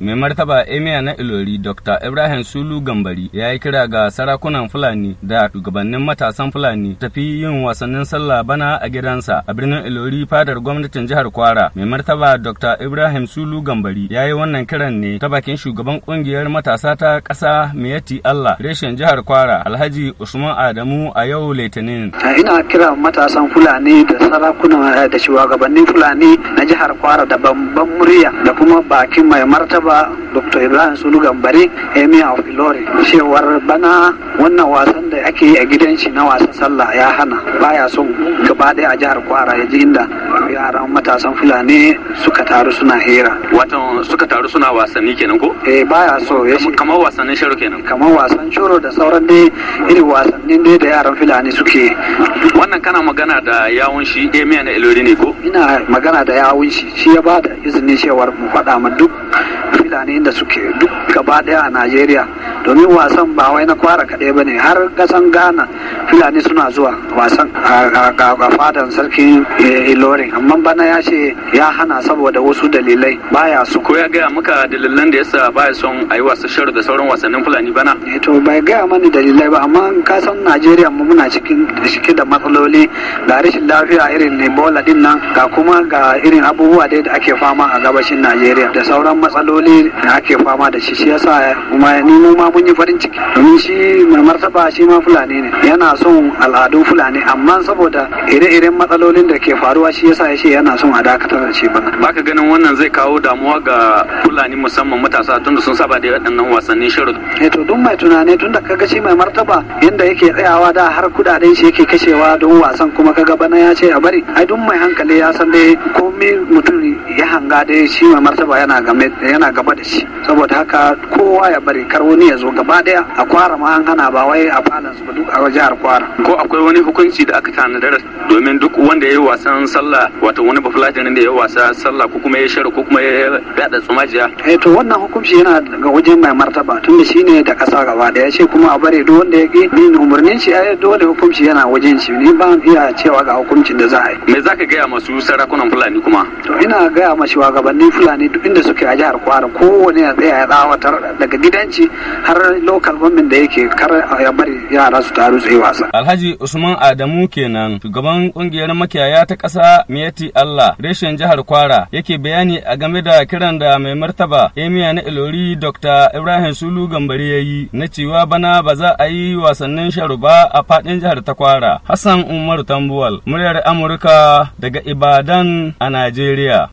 Mai martaba Emiya na Ilori Dr. Ibrahim Sulu Gambari ya yi kira ga sarakunan Fulani da shugabannin matasan Fulani tafi yin wasannin sallah bana a gidansa a birnin Ilori fadar gwamnatin jihar Kwara. Mai martaba Dr. Ibrahim Sulu Gambari ya yi wannan kiran ne ta bakin shugaban kungiyar matasa ta ƙasa Miyati Allah reshen jihar Kwara Alhaji Usman Adamu a yau Litinin. Ina kira matasan Fulani da sarakunan eh, da shugabannin Fulani na jihar Kwara da bambam murya da kuma bakin mai martaba saba dr ibrahim sulugan bare emi a filore cewar bana wannan wasan da ake yi a gidan shi na wasan sallah ya hana baya son gaba ɗaya a jihar kwara ya ji inda yaran matasan fulani suka taru suna hira watan suka taru suna wasanni kenan ko eh baya so ya kamar wasannin sharo kenan kamar wasan sharo da sauran dai irin wasannin dai da yaran fulani suke wannan kana magana da yawun shi emi na ilori ne ko ina magana da yawun shi shi ya ba da izinin cewar mu faɗa ma duk filane da suke duk gaba daya a najeriya domin wasan ba wai na kwara kaɗai ba ne har kasan Gana fulani suna zuwa wasan a fadan sarkin eh, ilorin amma bana ya ce ya hana saboda wasu dalilai baya su ko ya gaya maka dalilan da yasa baya son a yi wasu sharu da sauran wasannin fulani bana eh, to bai gaya mani dalilai ba amma ka san najeriya mu muna cikin cike da matsaloli ga rashin lafiya irin ebola din nan ga kuma ga irin abubuwa dai da ake fama a gabashin najeriya da sauran matsaloli da ake fama da shi shi yasa kuma ni mu ma mun yi farin ciki domin shi mai martaba shi ma fulani ne yana son al'adun fulani amma saboda ire-iren matsalolin da ke faruwa shi yasa yace yana son a dakatar da shi bana baka ganin wannan zai kawo damuwa ga fulani musamman matasa tun da sun saba da waɗannan wasannin shirin eh to duk mai tunani tunda kaga shi mai martaba yanda yake tsayawa da har kudaden shi yake kashewa don wasan kuma kaga bana ya ce a bari ai duk mai hankali ya san dai komai mutum ya hanga dai shi mai martaba yana yana gaba da shi saboda haka kowa ya bari kar wani ya zo gaba daya a kwara ma an hana ba wai a falon su duk a jihar kwara ko akwai wani hukunci da aka tanadar domin duk wanda ya yi wasan sallah wato wani bafulatin da ya yi wasa sallah ko kuma ya shara ko kuma ya gada tsumajiya eh to wannan hukunci yana ga wajen mai martaba tun da shine da kasa gaba daya shi kuma a bare duk wanda ya ki ni umurnin shi ai dole hukunci yana wajen shi ni ba iya cewa ga hukuncin da za a yi me zaka gaya masu sarakunan fulani kuma to ina gaya ma shugabannin fulani duk inda suke a jihar kwara kowane ya tsaya ya tsawatar daga gidanci har lokal government da yake kar ya bari yara su taru su yi wasa. Alhaji Usman Adamu kenan shugaban kungiyar makiyaya ta ƙasa Miyati Allah reshen jihar Kwara yake bayani a game da kiran da mai martaba Emiya na Ilori Dr. Ibrahim Sulu Gambari ya yi na cewa bana ba za a yi wasannin sharu ba a faɗin jihar ta Kwara. Hassan Umaru Tambuwal muryar Amurka daga Ibadan a Najeriya.